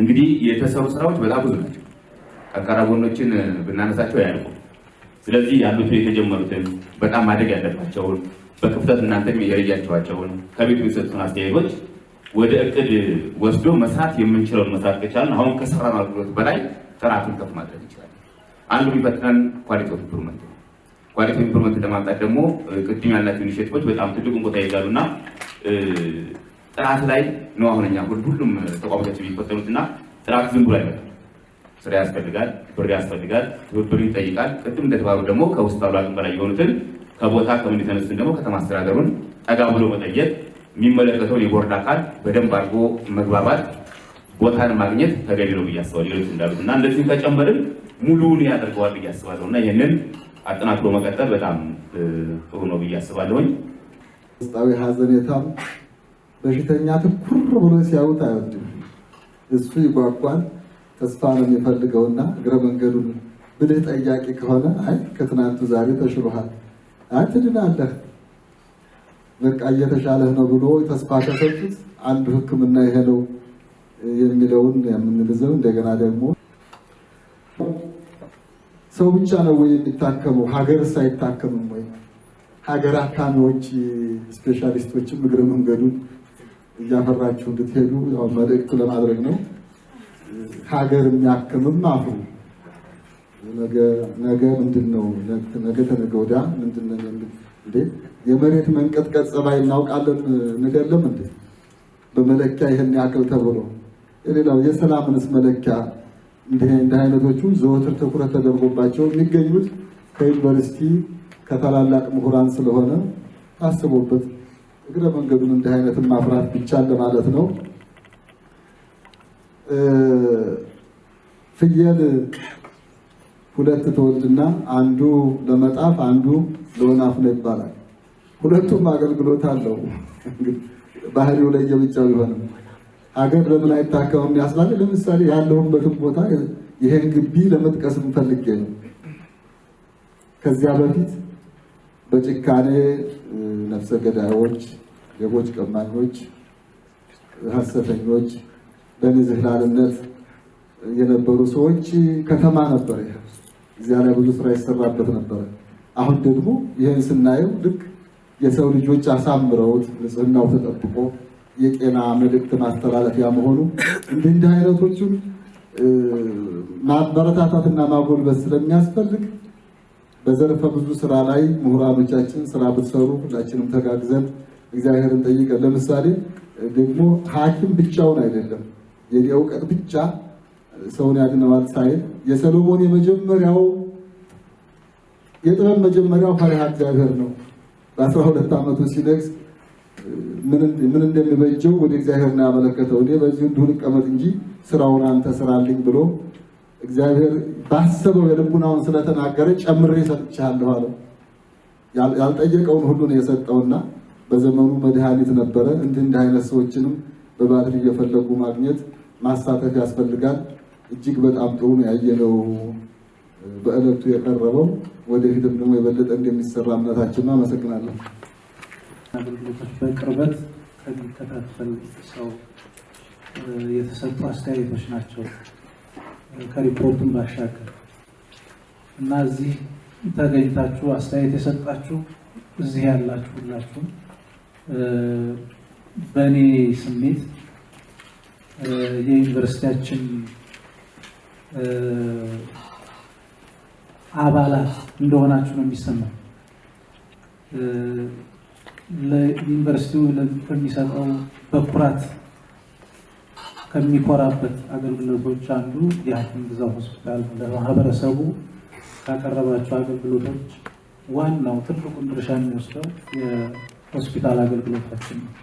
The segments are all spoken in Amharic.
እንግዲህ የተሰሩ ስራዎች በጣም ብዙ ናቸው። ጠንካራ ጎኖችን ብናነሳቸው ያልቁ። ስለዚህ ያሉት የተጀመሩትን በጣም ማደግ ያለባቸውን በክፍተት እናንተም የለያቸዋቸውን ከቤቱ የሰጡን አስተያየቶች ወደ እቅድ ወስዶ መስራት የምንችለውን መስራት ከቻልን አሁን ከሰራ አገልግሎት በላይ ጥራቱን ከፍ ማድረግ ይችላል። አንዱ የሚፈትነን ኳሊቲ ኦፍ ኢምፕሩቭመንት ነው። ኳሊቲ ኦፍ ኢምፕሩቭመንት ለማምጣት ደግሞ ቅድም ያላቸው ኢኒሼቲቮች በጣም ትልቁን ቦታ ይይዛሉ ይይዛሉና ጥራት ላይ ነው አሁን እኛ ሁሉም ተቋሞቻችን የሚፈተኑት እና ጥራት ዝም ብሎ አይመጣም። ስራ ያስፈልጋል፣ ብር ያስፈልጋል፣ ትብብር ይጠይቃል። ቅድም እንደተባሉ ደግሞ ከውስጥ ባሉ አቅም በላይ የሆኑትን ከቦታ ከምን የተነሱትን ደግሞ ከተማ አስተዳደሩን ጠጋ ብሎ መጠየቅ፣ የሚመለከተውን የቦርድ አካል በደንብ አድርጎ መግባባት፣ ቦታን ማግኘት ተገቢ ነው ብዬ አስባለሁ። ሌሎች እንዳሉት እና እንደዚህም ከጨመርን ሙሉውን ያደርገዋል ብዬ አስባለሁ እና ይህንን አጠናክሮ መቀጠል በጣም ጥሩ ነው ብዬ አስባለሁኝ። ውስጣዊ ሀዘኔታም በሽተኛ ትኩር ብሎ ሲያዩት አይወድም። እሱ ይጓጓል፣ ተስፋ ነው የሚፈልገውና እግረ መንገዱን ብልህ ጠያቂ ከሆነ አይ ከትናንቱ ዛሬ ተሽሎሃል፣ አይ ትድናለህ፣ በቃ እየተሻለህ ነው ብሎ ተስፋ ከሰጡት አንዱ ሕክምና ይሄ ነው የሚለውን የምንልዘው። እንደገና ደግሞ ሰው ብቻ ነው ወይ የሚታከመው? ሀገርስ አይታከምም ወይ? ሀገር አካሚዎች ስፔሻሊስቶችም እግረ መንገዱን እያፈራችሁ እንድትሄዱ መልእክት ለማድረግ ነው። ሀገር የሚያክምም አፍሩ። ነገ ምንድን ነው ነገ ተነገ ወዲያ ምንድን ነው የመሬት መንቀጥቀጥ ጸባይ እናውቃለን። ንገለም እንደ በመለኪያ ይህን ያክል ተብሎ የሌላው የሰላምንስ መለኪያ እንደ አይነቶቹ ዘወትር ትኩረት ተደርጎባቸው የሚገኙት ከዩኒቨርሲቲ ከታላላቅ ምሁራን ስለሆነ ታስቦበት እግረ መንገዱን እንዲህ አይነትን ማፍራት ቢቻል ለማለት ነው። ፍየል ሁለት ተወልድና አንዱ ለመጣፍ አንዱ ለወናፍ ነው ይባላል። ሁለቱም አገልግሎት አለው። ባህሪው ላይ የብቻው ቢሆንም ሀገር ለምን አይታከምም ያስላል። ለምሳሌ ያለሁበትን ቦታ ይሄን ግቢ ለመጥቀስ ፈልጌ ነው። ከዚያ በፊት በጭካኔ ነፍሰ ገዳዮች፣ ሌቦች፣ ቀማኞች፣ ሀሰተኞች በንዝህላልነት የነበሩ ሰዎች ከተማ ነበረ። እዚያ ላይ ብዙ ስራ ይሰራበት ነበረ። አሁን ደግሞ ይህን ስናየው ልክ የሰው ልጆች አሳምረውት ንጽህናው ተጠብቆ የጤና መልእክት ማስተላለፊያ መሆኑ እንዲህ እንዲህ አይነቶቹን ማበረታታትና ማጎልበት ስለሚያስፈልግ በዘርፈ ብዙ ስራ ላይ ምሁራኖቻችን ስራ ብትሰሩ ሁላችንም ተጋግዘን እግዚአብሔርን ጠይቀን። ለምሳሌ ደግሞ ሐኪም ብቻውን አይደለም የኔ እውቀት ብቻ ሰውን ያድነዋል ሳይል የሰሎሞን የመጀመሪያው የጥበብ መጀመሪያው ፈሪሃ እግዚአብሔር ነው። በአስራ ሁለት ዓመቱ ሲነግስ ምን እንደሚበጀው ወደ እግዚአብሔር ነው ያመለከተው። እኔ በዚህ እንዲሁ ልቀመጥ እንጂ ስራውን አንተ ስራልኝ ብሎ እግዚአብሔር ባሰበው የልቡናውን ስለተናገረ ጨምሬ ሰጥቻለሁ አለ። ያልጠየቀውን ሁሉ ነው የሰጠውና በዘመኑ መድኃኒት ነበረ። እንዲህ እንዲህ አይነት ሰዎችንም በባትሪ እየፈለጉ ማግኘት ማሳተፍ ያስፈልጋል። እጅግ በጣም ጥሩ ነው ያየነው በእለቱ የቀረበው። ወደፊትም ደግሞ የበለጠ እንደሚሰራ እምነታችን ነው። አመሰግናለሁ። በቅርበት ከሚከታተል ሰው የተሰጡ አስተያየቶች ናቸው። ከሪፖርቱን ባሻገር እና እዚህ ተገኝታችሁ አስተያየት የሰጣችሁ እዚህ ያላችሁ ሁላችሁም በእኔ ስሜት የዩኒቨርሲቲያችን አባላት እንደሆናችሁ ነው የሚሰማው። ለዩኒቨርሲቲው ከሚሰጠው በኩራት ከሚኮራበት አገልግሎቶች አንዱ የሀኪም ብዛው ሆስፒታል ለማህበረሰቡ ካቀረባቸው አገልግሎቶች ዋናው ትልቁን ድርሻ የሚወስደው የሆስፒታል አገልግሎታችን ነው።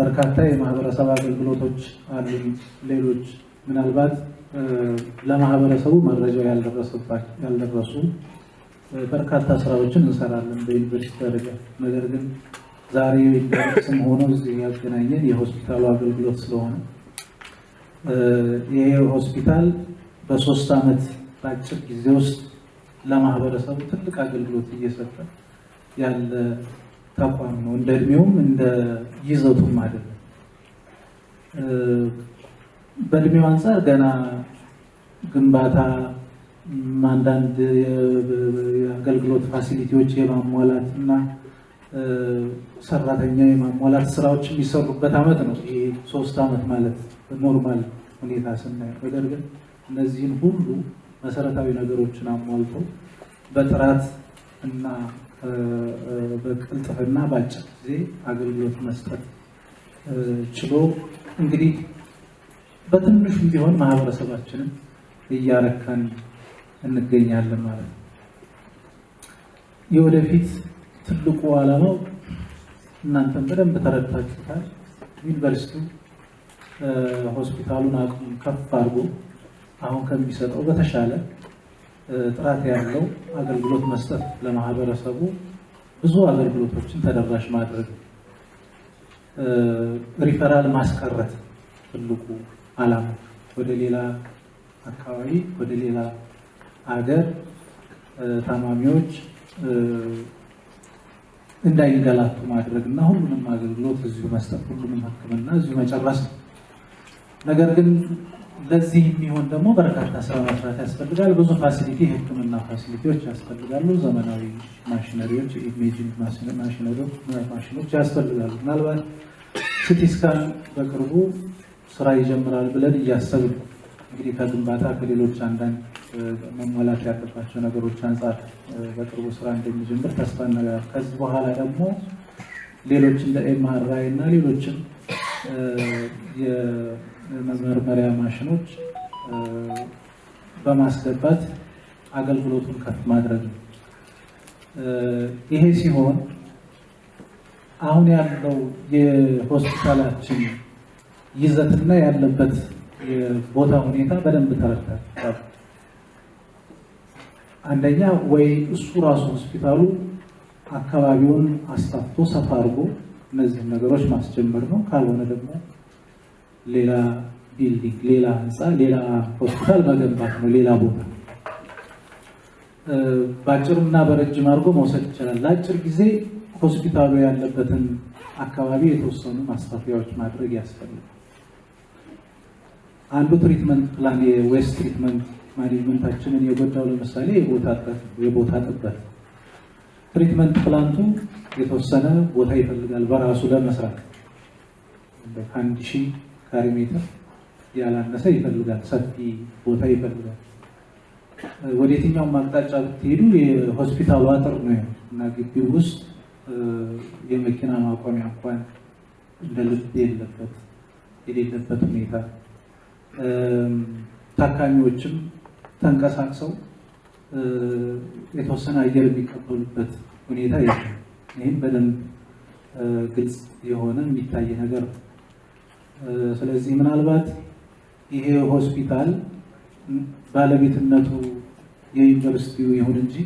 በርካታ የማህበረሰብ አገልግሎቶች አሉ። ሌሎች ምናልባት ለማህበረሰቡ መረጃ ያልደረሱ በርካታ ስራዎችን እንሰራለን በዩኒቨርሲቲ ደረጃ ነገር ግን ዛሬ ስም ሆኖ እዚህ ያገናኘን የሆስፒታሉ አገልግሎት ስለሆነ ይሄ ሆስፒታል በሶስት ዓመት በአጭር ጊዜ ውስጥ ለማህበረሰቡ ትልቅ አገልግሎት እየሰጠ ያለ ተቋም ነው። እንደ እድሜውም እንደ ይዘቱም አይደለም። በእድሜው አንጻር ገና ግንባታ፣ አንዳንድ የአገልግሎት ፋሲሊቲዎች የማሟላት እና ሰራተኛ የማሟላት ስራዎች የሚሰሩበት አመት ነው። ይሄ ሶስት አመት ማለት ኖርማል ሁኔታ ስናየው፣ ነገር ግን እነዚህን ሁሉ መሰረታዊ ነገሮችን አሟልተው በጥራት እና በቅልጥፍና በአጭር ጊዜ አገልግሎት መስጠት ችሎ እንግዲህ በትንሹም ቢሆን ማህበረሰባችንን እያረካን እንገኛለን ማለት ነው የወደፊት ትልቁ ዓላማው እናንተም በደንብ ተረድታችሁታል። ዩኒቨርሲቲው ሆስፒታሉን አቅሙን ከፍ አድርጎ አሁን ከሚሰጠው በተሻለ ጥራት ያለው አገልግሎት መስጠት ለማህበረሰቡ ብዙ አገልግሎቶችን ተደራሽ ማድረግ፣ ሪፈራል ማስቀረት ትልቁ ዓላማ ወደ ሌላ አካባቢ ወደ ሌላ አገር ታማሚዎች እንዳይንገላቱ ማድረግ እና ሁሉንም አገልግሎት እዚሁ መስጠት፣ ሁሉንም ሕክምና እዚሁ መጨረስ ነው። ነገር ግን ለዚህ የሚሆን ደግሞ በርካታ ስራ መስራት ያስፈልጋል። ብዙ ፋሲሊቲ የህክምና ፋሲሊቲዎች ያስፈልጋሉ። ዘመናዊ ማሽነሪዎች፣ ኢሜጂንግ ማሽኖች ያስፈልጋሉ። ምናልባት ሲቲስካን በቅርቡ ስራ ይጀምራል ብለን እያሰብን እንግዲህ ከግንባታ ከሌሎች አንዳንድ መሟላት ያለባቸው ነገሮች አንጻር በቅርቡ ስራ እንደሚጀምር ተስፋ ነገር ከዚህ በኋላ ደግሞ ሌሎች እንደ ኤምአርአይ እና ሌሎችም የመመርመሪያ ማሽኖች በማስገባት አገልግሎቱን ከፍ ማድረግ ነው። ይሄ ሲሆን አሁን ያለው የሆስፒታላችን ይዘትና ያለበት የቦታ ሁኔታ በደንብ ተረድታል። አንደኛ ወይ እሱ ራሱ ሆስፒታሉ አካባቢውን አስታፍቶ ሰፋ አድርጎ እነዚህን ነገሮች ማስጀመር ነው። ካልሆነ ደግሞ ሌላ ቢልዲንግ፣ ሌላ ህንፃ፣ ሌላ ሆስፒታል መገንባት ነው። ሌላ ቦታ በአጭርና በረጅም አድርጎ መውሰድ ይቻላል። ለአጭር ጊዜ ሆስፒታሉ ያለበትን አካባቢ የተወሰኑ ማስፋፊያዎች ማድረግ ያስፈልጋል። አንዱ ትሪትመንት ፕላን የዌስት ትሪትመንት ማኔጅመንታችንን የጎዳው ለምሳሌ የቦታ ጥበት ነው። ትሪትመንት ፕላንቱ የተወሰነ ቦታ ይፈልጋል በራሱ ለመስራት ከአንድ ሺህ ካሬ ሜትር ያላነሰ ይፈልጋል፣ ሰፊ ቦታ ይፈልጋል። ወደ የትኛውም አቅጣጫ ብትሄዱ የሆስፒታሉ አጥር ነው እና ግቢው ውስጥ የመኪና ማቆሚያ እንኳን እንደ ልብ የሌለበት ሁኔታ ታካሚዎችም ተንቀሳቅሰው የተወሰነ አየር የሚቀበሉበት ሁኔታ የለም። ይህም በደንብ ግልጽ የሆነ የሚታይ ነገር ነው። ስለዚህ ምናልባት ይሄ ሆስፒታል ባለቤትነቱ የዩኒቨርሲቲው ይሁን እንጂ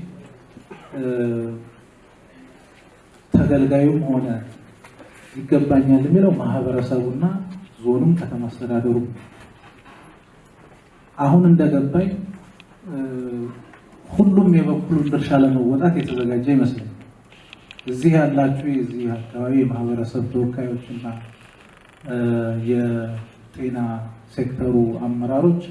ተገልጋዩም ሆነ ይገባኛል የሚለው ማህበረሰቡና ዞኑም ከተማ አስተዳደሩ አሁን እንደገባኝ ሁሉም የበኩሉን ድርሻ ለመወጣት የተዘጋጀ ይመስላል። እዚህ ያላችሁ የዚህ አካባቢ የማህበረሰብ ተወካዮችና የጤና ሴክተሩ አመራሮች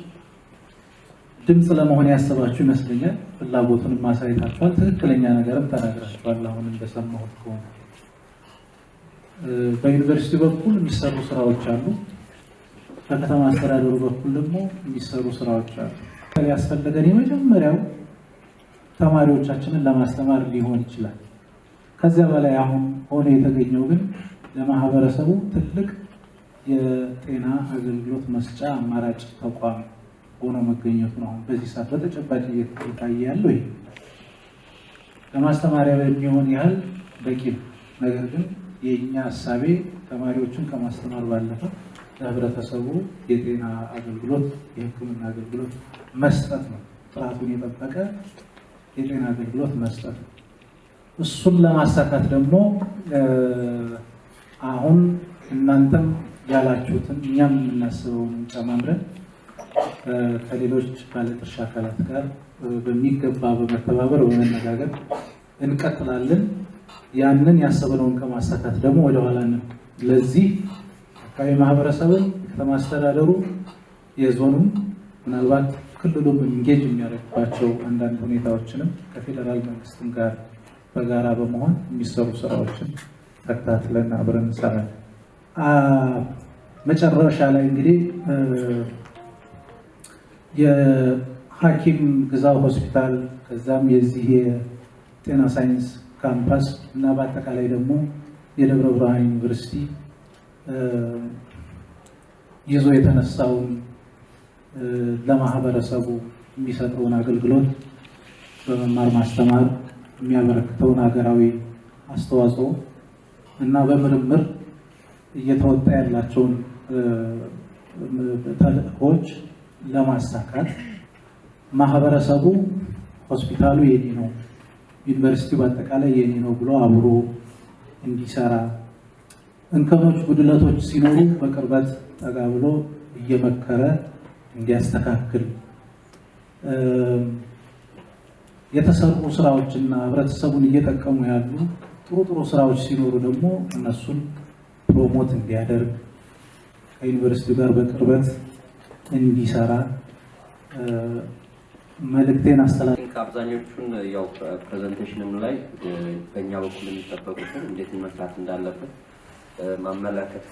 ድምፅ ለመሆን ያሰባችሁ ይመስለኛል። ፍላጎቱንም ማሳየታችኋል። ትክክለኛ ነገርም ተናግራችኋል። አሁን እንደሰማሁት ከሆነ በዩኒቨርሲቲ በኩል የሚሰሩ ስራዎች አሉ። በከተማ አስተዳደሩ በኩል ደግሞ የሚሰሩ ስራዎች አሉ። መከታተል ያስፈለገን የመጀመሪያው ተማሪዎቻችንን ለማስተማር ሊሆን ይችላል። ከዚያ በላይ አሁን ሆኖ የተገኘው ግን ለማህበረሰቡ ትልቅ የጤና አገልግሎት መስጫ አማራጭ ተቋም ሆኖ መገኘቱ ነው። አሁን በዚህ ሰዓት በተጨባጭ እየታየ ያለው ለማስተማሪያ በሚሆን ያህል በቂ ነው። ነገር ግን የእኛ ሀሳቤ ተማሪዎችን ከማስተማር ባለፈ ለህብረተሰቡ የጤና አገልግሎት የህክምና አገልግሎት መስጠት ነው። ጥራቱን የጠበቀ የጤና አገልግሎት መስጠት ነው። እሱን ለማሳካት ደግሞ አሁን እናንተም ያላችሁትን እኛም የምናስበውን ጨማምረን ከሌሎች ባለድርሻ አካላት ጋር በሚገባ በመተባበር በመነጋገር እንቀጥላለን። ያንን ያሰብነውን ከማሳካት ደግሞ ወደኋላ ነው። ለዚህ አካባቢ ማህበረሰብን የከተማ አስተዳደሩ የዞኑም ምናልባት ክልሉም ኢንጌጅ የሚያደርግባቸው አንዳንድ ሁኔታዎችንም ከፌዴራል መንግስትም ጋር በጋራ በመሆን የሚሰሩ ስራዎችን ተከታትለን አብረን እንሰራለን። መጨረሻ ላይ እንግዲህ የሐኪም ግዛው ሆስፒታል ከዛም የዚህ የጤና ሳይንስ ካምፓስ እና በአጠቃላይ ደግሞ የደብረ ብርሃን ዩኒቨርሲቲ ይዞ የተነሳውን ለማህበረሰቡ የሚሰጠውን አገልግሎት በመማር ማስተማር የሚያበረክተውን ሀገራዊ አስተዋጽኦ እና በምርምር እየተወጣ ያላቸውን ተልእኮች ለማሳካት ማህበረሰቡ ሆስፒታሉ የኔ ነው፣ ዩኒቨርሲቲ በአጠቃላይ የኔ ነው ብሎ አብሮ እንዲሰራ እንከኖች፣ ጉድለቶች ሲኖሩ በቅርበት ጠጋ ብሎ እየመከረ እንዲያስተካክል የተሰሩ ስራዎችና ህብረተሰቡን እየጠቀሙ ያሉ ጥሩ ጥሩ ስራዎች ሲኖሩ ደግሞ እነሱን ፕሮሞት እንዲያደርግ ከዩኒቨርሲቲው ጋር በቅርበት እንዲሰራ መልእክቴን አስተላ ከአብዛኞቹን ያው ፕሬዘንቴሽንም ላይ በእኛ በኩል የሚጠበቁትን እንዴት መስራት እንዳለበት ማመላከት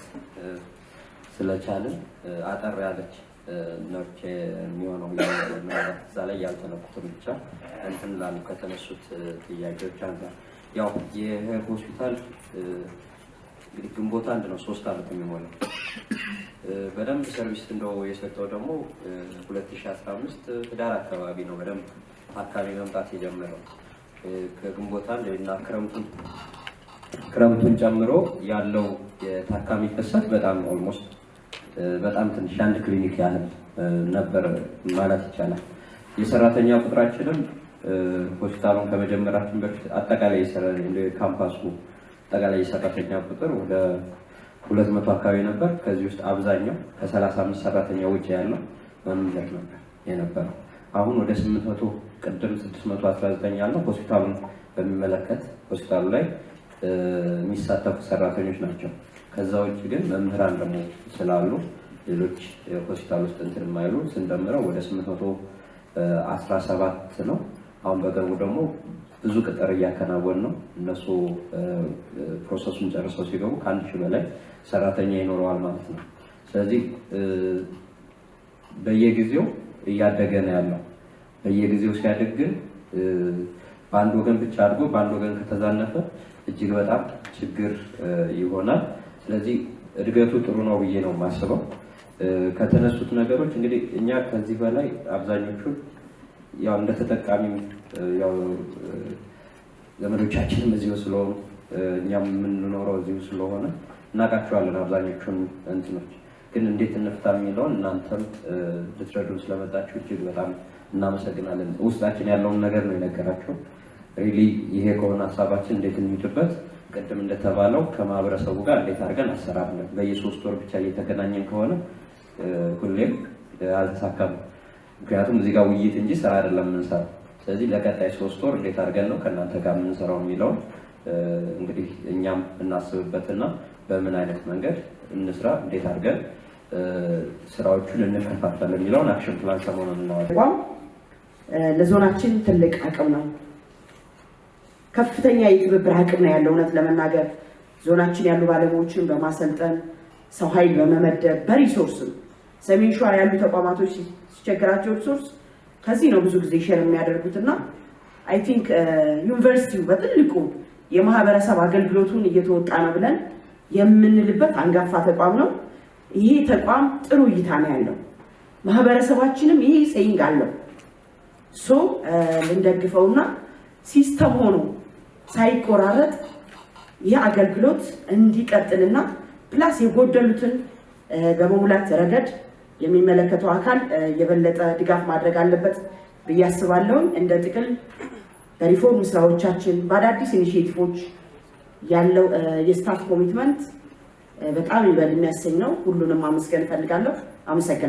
ስለቻልን አጠር ያለች ነርቼ የሚሆነው። እዛ ላይ ያልተነኩትን ብቻ እንትን ላሉ ከተነሱት ጥያቄዎች አንጻር ያው ይህ ሆስፒታል እንግዲህ ግንቦት አንድ ነው ሶስት አመት የሚሆነው በደንብ ሰርቪስ እንደው የሰጠው ደግሞ 2015 ህዳር አካባቢ ነው በደንብ አካባቢ መምጣት የጀመረው ከግንቦት አንድ እና ክረምቱን ክረምቱን ጨምሮ ያለው የታካሚ ፍሰት በጣም ኦልሞስት በጣም ትንሽ አንድ ክሊኒክ ያህል ነበር ማለት ይቻላል። የሰራተኛ ቁጥራችንም ሆስፒታሉን ከመጀመራችን በፊት አጠቃላይ ካምፓሱ አጠቃላይ የሰራተኛ ቁጥር ወደ ሁለት መቶ አካባቢ ነበር። ከዚህ ውስጥ አብዛኛው ከሰላሳ አምስት ሰራተኛ ውጭ ያለው መምዘር ነበር የነበረው። አሁን ወደ ስምንት መቶ ቅድም ስድስት መቶ አስራ ዘጠኝ ያለው ሆስፒታሉን በሚመለከት ሆስፒታሉ ላይ የሚሳተፉ ሰራተኞች ናቸው። ከዛ ውጭ ግን መምህራን ደግሞ ስላሉ ሌሎች ሆስፒታል ውስጥ እንትን የማይሉ ስንደምረው ወደ 817 ነው። አሁን በቅርቡ ደግሞ ብዙ ቅጥር እያከናወን ነው። እነሱ ፕሮሰሱን ጨርሰው ሲገቡ ከአንድ ሺህ በላይ ሰራተኛ ይኖረዋል ማለት ነው። ስለዚህ በየጊዜው እያደገ ነው ያለው። በየጊዜው ሲያድግ ግን በአንድ ወገን ብቻ አድጎ በአንድ ወገን ከተዛነፈ እጅግ በጣም ችግር ይሆናል። ስለዚህ እድገቱ ጥሩ ነው ብዬ ነው የማስበው። ከተነሱት ነገሮች እንግዲህ እኛ ከዚህ በላይ አብዛኞቹን ያው እንደ ተጠቃሚም ያው ዘመዶቻችንም እዚሁ ስለሆኑ እኛም የምንኖረው እዚሁ ስለሆነ እናውቃቸዋለን አብዛኞቹን እንትኖች ግን እንዴት እንፍታ የሚለውን እናንተም ልትረዱ ስለመጣችሁ እጅግ በጣም እናመሰግናለን። ውስጣችን ያለውን ነገር ነው የነገራቸው። ሪሊ ይሄ ከሆነ ሀሳባችን እንዴት እንሂድበት፣ ቅድም እንደተባለው ከማህበረሰቡ ጋር እንዴት አድርገን አሰራርለን? በየሶስት ወር ብቻ እየተገናኘን ከሆነ ሁሌም አልተሳካም። ምክንያቱም እዚህ ጋር ውይይት እንጂ ስራ አይደለም የምንሰራው። ስለዚህ ለቀጣይ ሶስት ወር እንዴት አድርገን ነው ከእናንተ ጋር የምንሰራው የሚለውን እንግዲህ እኛም እናስብበትና በምን አይነት መንገድ እንስራ፣ እንዴት አድርገን ስራዎቹን እንከፋፈል የሚለውን አክሽን ፕላን ሰሞኑን እናወጣለን። ለዞናችን ትልቅ አቅም ነው። ከፍተኛ የትብብር አቅም ነው ያለው። እውነት ለመናገር ዞናችን ያሉ ባለሙያዎችን በማሰልጠን ሰው ኃይል በመመደብ በሪሶርስም ሰሜን ሸዋ ያሉ ተቋማቶች ሲቸግራቸው ሪሶርስ ከዚህ ነው ብዙ ጊዜ ሼር የሚያደርጉት እና አይ ቲንክ ዩኒቨርሲቲው በትልቁ የማህበረሰብ አገልግሎቱን እየተወጣ ነው ብለን የምንልበት አንጋፋ ተቋም ነው። ይሄ ተቋም ጥሩ እይታ ነው ያለው። ማህበረሰባችንም ይሄ ሴይንግ አለው ሶ ልንደግፈውና ሲስተም ሆኖ ሳይቆራረጥ ይህ አገልግሎት እንዲቀጥልና ፕላስ የጎደሉትን በመሙላት ረገድ የሚመለከተው አካል የበለጠ ድጋፍ ማድረግ አለበት ብዬ አስባለሁ። እንደ ጥቅል በሪፎርም ስራዎቻችን በአዳዲስ ኢኒሽቲቮች ያለው የስታፍ ኮሚትመንት በጣም ይበል የሚያሰኝ ነው። ሁሉንም አመስገን እፈልጋለሁ። አመሰግናለሁ።